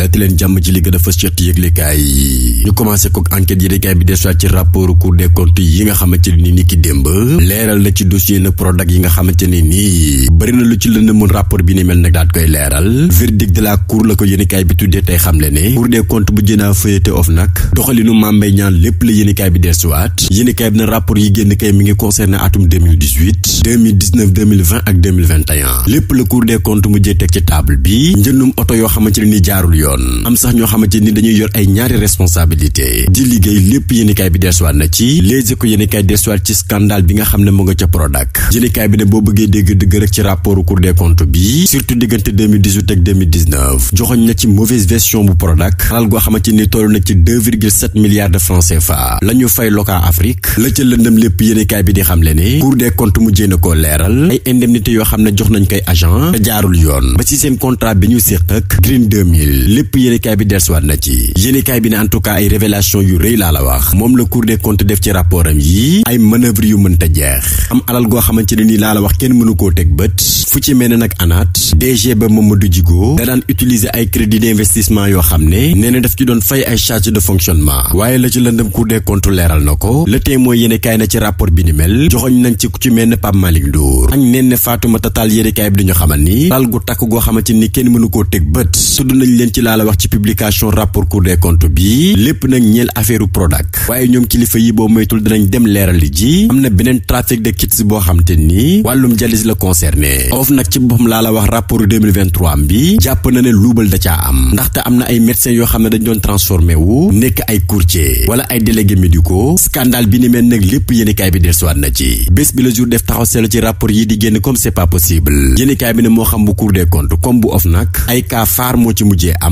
daldi leen jàmm ci li gën a fës ci ëtt yëglekaay yi ñu commencé kook enquête yëglekaay bi desuwaat ci rapport cour des comptes yi nga xamante ni ni ki démb leeral na ci dossier na Prodac yi nga xamante ne nii bëri lu ci lënd mun rapport bi ni mel nag daat koy leeral verdict de la cour la ko yëglekaay bi tuddee tey xam le ne cour des comptes bu jënaa feuilleté of nag doxalinu Mame Mbaye lépp la yëglekaay bi desuwaat yëglekaay bi na rapport yoo xamante ne ni jaarul yoon yoon am sax ñoo xamante ni dañuy yor ay ñaari responsabilité di liggéey lépp yéenekaay bi des deesuwaat na ci Les Échos yéenekaay deesuwaat ci scandale bi nga xam ne mu nga ca Prodac yéenekaay bi ne boo bëggee dégg dëgg rek ci rapport Cour des comptes bi surtout diggante 2018 ak joxoñ na ci mauvaise gestion bu Prodac xalal goo xamante ni toll na ci 2,7 milliards de francs CFA la ñu fay loka Afrique la ca lëndëm lépp yéenekaay bi di xam le ne Cour des comptes mujjee na koo leeral ay indemnité xam ne jox nañ koy agent te jaarul yoon ba seen contrat bi ñu séq ak lépp yéenekaay bi dellusiwaat na ci yéenekaay bi ne en tout ay révélation yu rëy laa la wax moom la Cour des comptes def ci rapport yi ay manœuvre yu mënta jeex am alal goo xamante ne nii laa la wax kenn mënu koo teg bët fu ci mel ne nag anaat DG ba Mamadou Djigo da daan utiliser ay crédit d'investissement yoo xam ne nee na daf ci doon fay ay charge de fonctionnement waaye la ci lëndëm Cour des comptes leeral na ko Le Témoin yéenekaay na ci rapport bi ni mel joxoñ dinaa wax ci publication rapport cour des comptes bi lépp nag ñeel affaire Prodac waaye ñoom kilifa yi boo moytul dinañ dem leeral ji am na beneen trafic de kits boo xam te ni wàllum jalis la concerné of nag ci boppam laa la wax rapport 2023 bi jàpp na ne luubal da caa am ndaxte am na ay médecins yoo xam ne dañ doon transformé nekk ay courtier wala ay délégués médicaux scandale bi ni mel nag lépp yéenekaay bi dellusiwaat na ci bés bi la jour def taxaw seetlu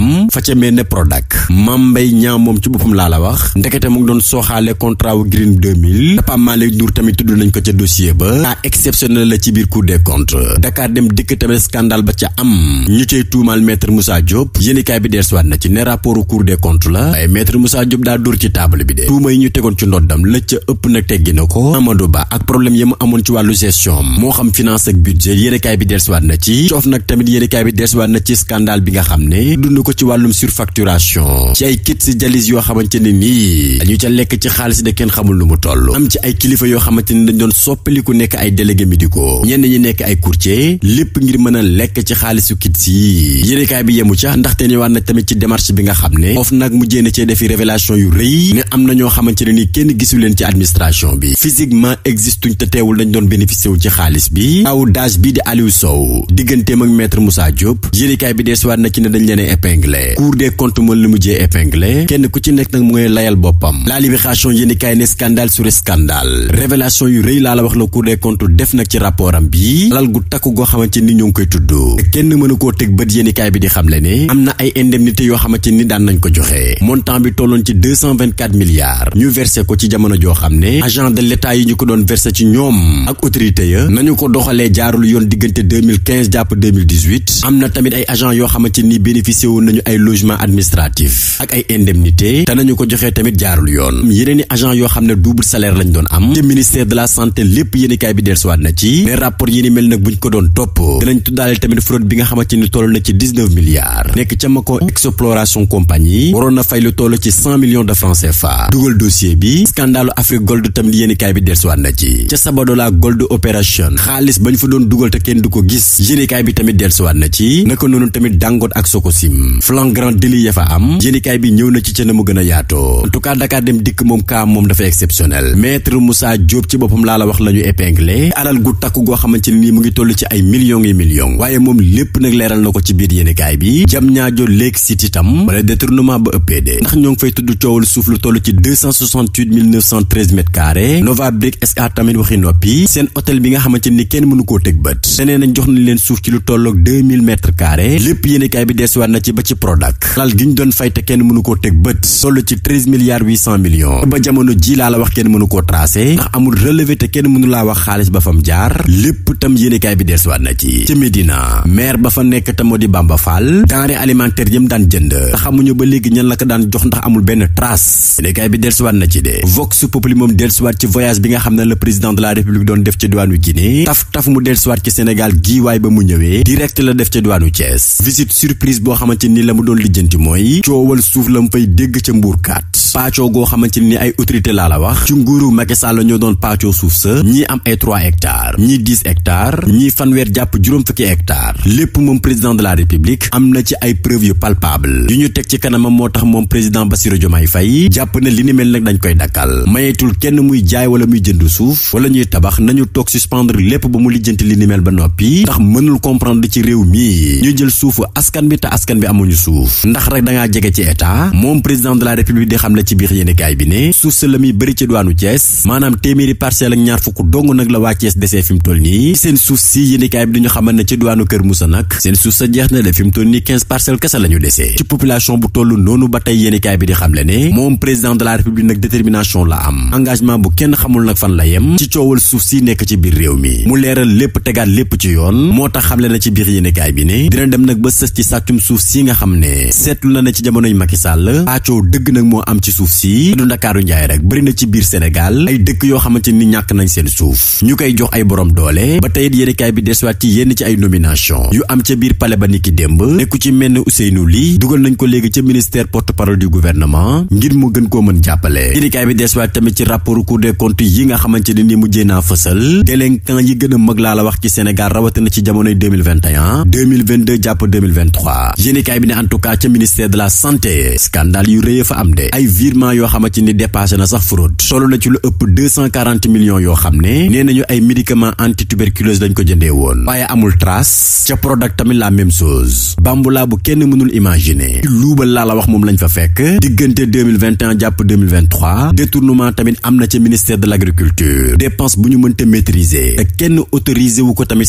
moom fa ca mel ne Prodac Mame Mbaye Niang moom ci boppam laa la wax ndekete mu ngi doon sooxaale contrat wu Green 2000 te Pape Malick tamit tudd nañ ko ca dossier ba cas exceptionnel la ci biir Cour des comptes Dakar dem dikk tamit scandale ba ca am ñu cay tuumaal maître Moussa Diop yéenekaay bi deesuwaat na ci tuuma yi ñu tegoon ci ndoddam la ca ëpp nag teggi na ko Amadou Ba ak problème yi amoon ci wàllu gestion moo xam finance ak budget yéenekaay bi ci wàllum surfacturation ay kit si jalis yoo xamante ne nii dañu ca lekk ci xaalis de kenn xamul lu mu toll am ci ay kilifa yoo xamante ni dañ doon soppaliku nekk ay délégué médicaux ñenn ñi nekk ay courtier lépp ngir mën a lekk ci xaalisu kit si yéenekaay bi yemu ca ndaxte ni waat na tamit ci démarche bi nga xam ne of nag mujjee na cee defi révélation yu rëy ne am na ñoo xamante ne ni kenn gisu leen ci administration bi physiquement existuñ te teewul dañu doon bénéficié wu ci xaalis bi aw daaj bi di Aliou Sow digganteem ak maître Moussa Diop yéenekaay bi deesuwaat na ci ne dañ leen épingle épinglé cour des comptes moom la mujjee épinglé kenn ku ci nekk nag mu ngay layal boppam la libération yéen i kaay ne scandale sur scandale révélation yu rëy laa la wax la cour des comptes def nag ci rapport am bi alal gu takku goo xamante ni ñu ngi koy tudd kenn mënu koo teg bët yéen bi di xam xamle ne am na ay indemnité yoo xamante ni daan nañ ko joxe montant bi tolloon ci 224 milliards ñu versé ko ci jamono joo xam ne agent de l'état yi ñu ko doon versé ci ñoom ak autorité ya nañu ko doxalee jaarul yoon diggante 2015 jàpp 2018 am na tamit ay agent yoo xamante ni bénéficié woon nañu ay logement administratif ak ay indemnité te nañu ko joxee tamit jaarul yoon yeneen i agent yoo xam ne double salaire lañ doon am te ministère de la santé lépp yéeni kaay bi dellusiwaat na ci mais rapport mel nag buñ ko doon topp dinañ tuddaale tamit fraude bi nga xamante ni toll na ci 19 milliards nekk ca Mako exploration compagnie waroon na fay lu toll ci 100 millions de francs CFA dugal dossier bi scandalu Afrique Gold tamit yéeni kaay bi dellusiwaat na ci ca Sabadola Gold xaalis bañ fa doon dugal te kenn du ko gis yéeni bi tamit dellusiwaat na ci naka noonu tamit Dangote ak Sokosim flagrant délit ya fa am yéenikaay bi ñëw na ci ca na yaatoo en tout cas dem dikk moom kaa moom dafa exceptionnel maître Moussa Diop ci boppam laa la wax la ñu épinglé alal gu takk goo xamante ne nii mu ngi toll ci ay millions et millions waaye moom lépp nag leeral na ko ci biir yéenikaay bi jam ñaajo léeg sit itam wala détournement ba ëppee de ndax ñoo ngi fay tudd coowal suuf lu toll ci 268 913 mètres carrés Nova Brick tamit waxi noppi seen ni kenn mënu koo tëg bët te nee nañ jox nañ leen suuf ci Prodac alal gi ñu doon fay te kenn mënu koo teg bët toll ci 13 milliards 800 millions ba jamono ji laa la wax kenn mënu koo tracé ndax amul relevé te kenn mënu laa wax xaalis ba fam jaar lépp tam yéenekaay bi deesuwaat na ci ci Médina maire ba nekk moo di Bamba Fall denrée alimentaire yëm daan jënd xamuñu ba léegi ñan la daan jox ndax amul benn trace yéenekaay bi deesuwaat na ci de Vox Populi moom deesuwaat ci voyage bi nga xam ne le président de la République doon def ci diwaanu Guinée taf taf mu deesuwaat ci Sénégal gii waay ba mu ñëwee direct la def ci diwaanu Thiès visite surprise boo xamante ni ni la mu doon lijjanti mooy coowal suuf la mu fay dégg ca mbuurkaat paacoo goo xamante ni ay autorité laa la wax ci nguuru Macky Sall ñoo doon paacoo suuf sa ñi am ay 3 hectares ñi fanweer jàpp juróom fukki hectares lépp moom président de la république am na ci ay preuves yu palpable yu ñu teg ci kanamam moo tax moom président Bassirou Diomaye Faye jàpp na li ni mel nag dañ koy dakkal mayeetul kenn muy jaay wala muy jënd suuf wala ñuy tabax nañu toog suspendre lépp ba mu lijjanti li ni mel ba noppi ndax mënul mi ñu ñu suuf ndax rek dangaa jege ci état moom président de la république di xam la ci biir yéenekaay bi ne suuf sa la muy bëri ci duwaanu Thiès maanaam téeméeri parcelle ak ñaar fukk dong nag la waa Thiès desee fi toll nii seen suuf si yéenekaay bi dañu xamal ne ci duwaanu Kër Moussa nag seen suuf sa jeex na de fi toll nii quinze kese la desee ci population bu toll noonu ba tey yéenekaay bi di xam le ne moom président de la république nag détermination xam ne seetlu na ne ci jamonoy Macky Sall paccoo dëgg nag moo am ci suuf si du ndakaaru njaay rek bëri na ci biir Sénégal ay dëkk yoo xamante ni ñàkk nañ seen suuf ñu koy jox ay borom doole ba tey yéenekaay bi desuwaat ci yenn ci ay nomination yu am ca biir palais ba niki démb nekku ci mel ne Ousseynou lii dugal nañ ko léegi ca ministère porte-parole du gouvernement ngir mu gën koo mën jàppale yéenekaay bi desuwaat tamit ci rapport Cour des comptes yi nga xamante ne ni mujjee naa fësal délinquant yi gën a mag laa la wax ci Sénégal rawatina ci jamonoy 2021 2022 jàpp 2023 yéenekaay bi ne en tout cas ca ministère de la santé scandale yu rëy a fa am de ay virement yoo xamante ni dépassé na sax fraude solo na ci lu ëpp 240 yoo xam ne nee nañu ay médicament anti tuberculose lañ ko jëndee woon waaye amul trace ca Prodac tamit la même chose bambulaa bu kenn mënul imaginer luubal laa la wax moom lañ fa fekk diggante jàpp détournement tamit am na ca ministère de l'agriculture dépense bu ñu mënta maîtriser te kenn autorisé ko tamit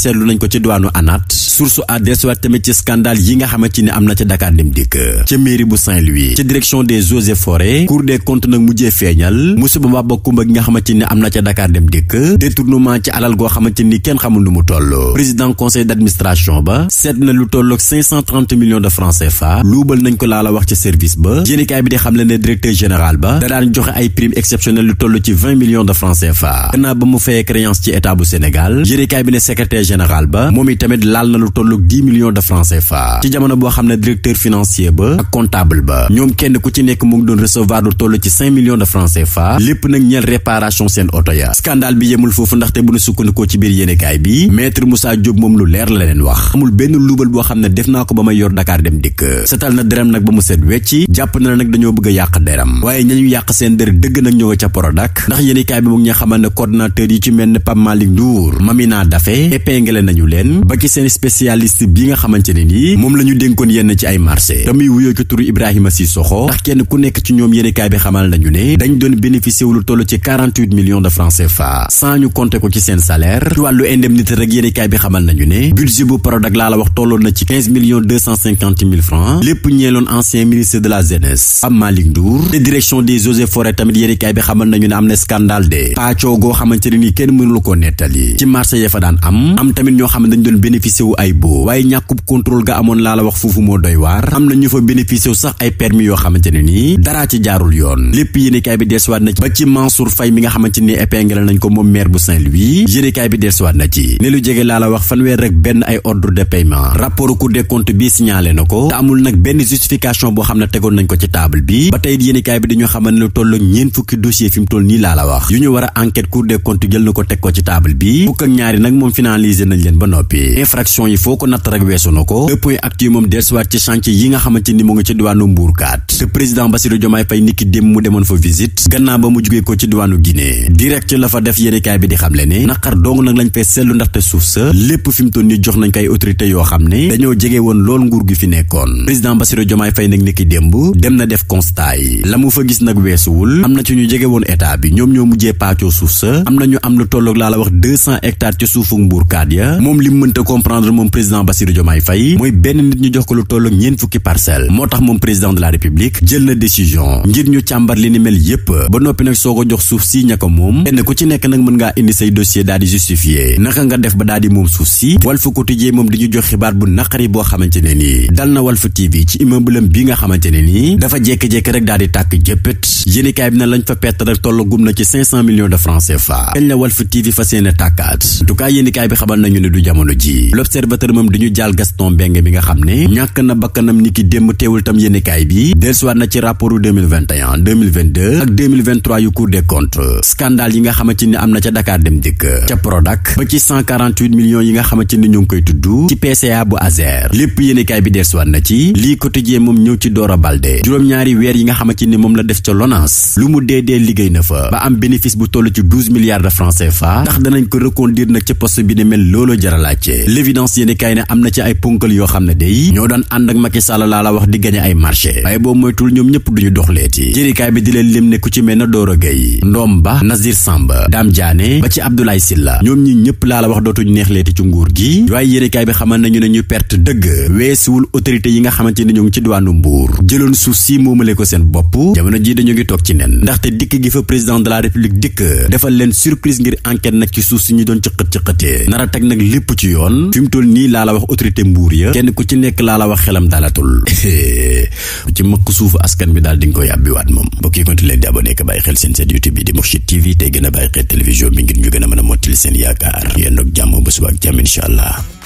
Dakar Dem Dikk ca mairie bu Saint-Louis ca direction des eaux forêts cour des comptes nag mujjee feeñal musiba ba bokkumba gi nga xamante ni am na ca Dakar Dem Dikk détournement ci alal goo xamante ni kenn xamul lu mu toll président conseil d'administration ba seet na lu tolloog 530 millions de francs CFA luubal nañ ko laa wax ci service ba yéenekaay bi di xam le ne directeur général ba da joxe ay prime exceptionnelle lu toll ci millions de francs CFA gannaaw ba mu fayee créance ci ba moom itamit laal na lu tolloog 10 millions directeur financier ba ak comptable ba ñoom kenn ku ci nekk mu doon recevoir lu toll ci millions de francs CFA lépp nag ñeel réparation seen oto ya scandale bi yemul foofu ndaxte bu ñu sukkandikoo ci biir yéenekaay bi maître Moussa Diop moom lu leer la leen wax amul benn luubal boo xam ne def naa ko ba may yor Dakar dem dikk setal na derem nag ba mu set wecci jàpp na la nag dañoo bëgg a yàq deram waaye ñañu yàq seen der dëgg nag ñoo nga ca Prodac ci ay marché te muy ci turu Ibrahima Sissoko ndax kenn ku nekk ci ñoom yéenekaay bi xamal nañu ne dañ doon bénéficié wu lu toll ci 48 millions de francs CFA sans ñu compter ko ci seen salaire ci wàllu indemnité rek yéenekaay bi xamal nañu ne budget bu Prodac laa la wax tolloon na ci millions 250 lépp ñeeloon ancien ministre de la jeunesse Pape Malick te direction des eaux et tamit yéenekaay bi xamal nañu ne am na scandale de paacoo goo xamante doy waar am na ñu fa bénéficié wu sax ay permis yoo xamante ne nii daraa ci jaarul yoon lépp yéenekaay bi deesuwaat na ci ba ci Mansour Faye mi nga xamante ni épingle nañ ko moom maire bu Saint-Louis yéenekaay bi deesuwaat na ci ne lu jege laa la wax fanweer rek benn ay ordre de paiement rapport Cour des comptes bi signalé na ko te nag benn justification boo xam ne tegoon nañ ko ci table bi ba tey yéenekaay bi dañu xamal ne lu toll ñeent fukki dossier na leen ba noppi infraction yi foo ko natt ci chantier yi nga xamante ni mu ngi ci diwaanu Mbourkat te président Bassirou Diomaye Faye niki démb mu demoon fa visite gannaaw ba mu jugee ko ci diwaanu Guinée direct la fa def yéenekaay bi di xamle ne naqar dong nag lañ fay seetlu ndaxte suuf sa lépp fi mu toll nii jox nañ koy autorité yoo xam ne dañoo jege woon lool nguur gi fi nekkoon président Bassirou Diomaye Faye nag niki démb dem na def constat la mu fa gis nag weesuwul am na ci ñu jege woon état bi ñoom ñoo mujjee paacoo suuf sa am na am lu tolloog laa la wax deux cent hectares ci suufu Mbourkat ya moom li mu mënta comprendre moom président Bassirou Diomaye Faye mooy benn nit ñu jox tolloog ñeen fukki parcelle moo tax moom président de la république jël na décision ngir ñu càmbar li ni mel yépp ba noppi nag soo ko jox suuf si ña ko moom kenn ku ci nekk nag mën ngaa indi say dossier daal di naka nga def ba daal moom suuf si Walf Quotidien moom di ñu jox xibaar bu naqari boo xamante ne dafa jékki-jékki rek daal tàkk jëppët yéenekaay bi na lañ fa pett rek toll gum ci millions de francs CFA kañ la Walf TV fas yéene tàkkaat bakkanam ni ki démb teewul tam yéenekaay bi dellusiwaat na ci rapportu ak yu Cour des comptes scandale yi nga xamante ni am na ca Dakar dem dikk ca Prodac ba ci 148 millions yi nga xamante ni ñu ngi koy tudd ci PCA bu Azer lépp yéenekaay bi dellusiwaat na ci lii quotidien moom ñëw ci Dora Baldé juróom-ñaari weer yi nga xamante ni moom la def ca LONASE lu mu dee dee liggéey na fa ba am bénéfice bu toll ci 12 milliards de francs CFA ndax danañ ko reconduire nag ca poste bi ne mel looloo jaralaajte am na ci yoo xam ne day ànd ak Macky Sall laa la wax di gañe ay marché waaye boo moytul ñoom ñëpp duñu dox leeti jërikaay bi di leen lim ne ku ci mel na Doro Gueye Ndom Ba Nazir Samba Dame Diané ba ci Abdoulaye Sylla ñoom ñi ñëpp laa la wax dootuñu neex leeti ci nguur gi waaye yërikaay bi xamal nañu ne ñu perte dëgg weesuwul autorité yi nga xamante ne ñu ngi ci diwaanu Mbuur jëloon suuf si moomale ko seen bopp jamono ji dañu ngi toog ci nen ndaxte dikk gi fa président de la république dikk defal leen surprise ngir enquête nag si ñu doon cëqat cëqatee nar a teg nag lépp ci yoon mu toll nii laa la wax autorité mbuur ya ku ci laa la wax xelam xelam dalatul ci mëkk suufu askan bi daal di nga koy àbbiwaat moom mbokki konti leen di abonné ka bàyyi xel seen seen YouTube bi di Mourchid TV tey gën a bàyyi xel télévision bi ngir ñu gën a mën a mottali seen yaakaar yéen ak jàmm ba suba ak jàmm incha allah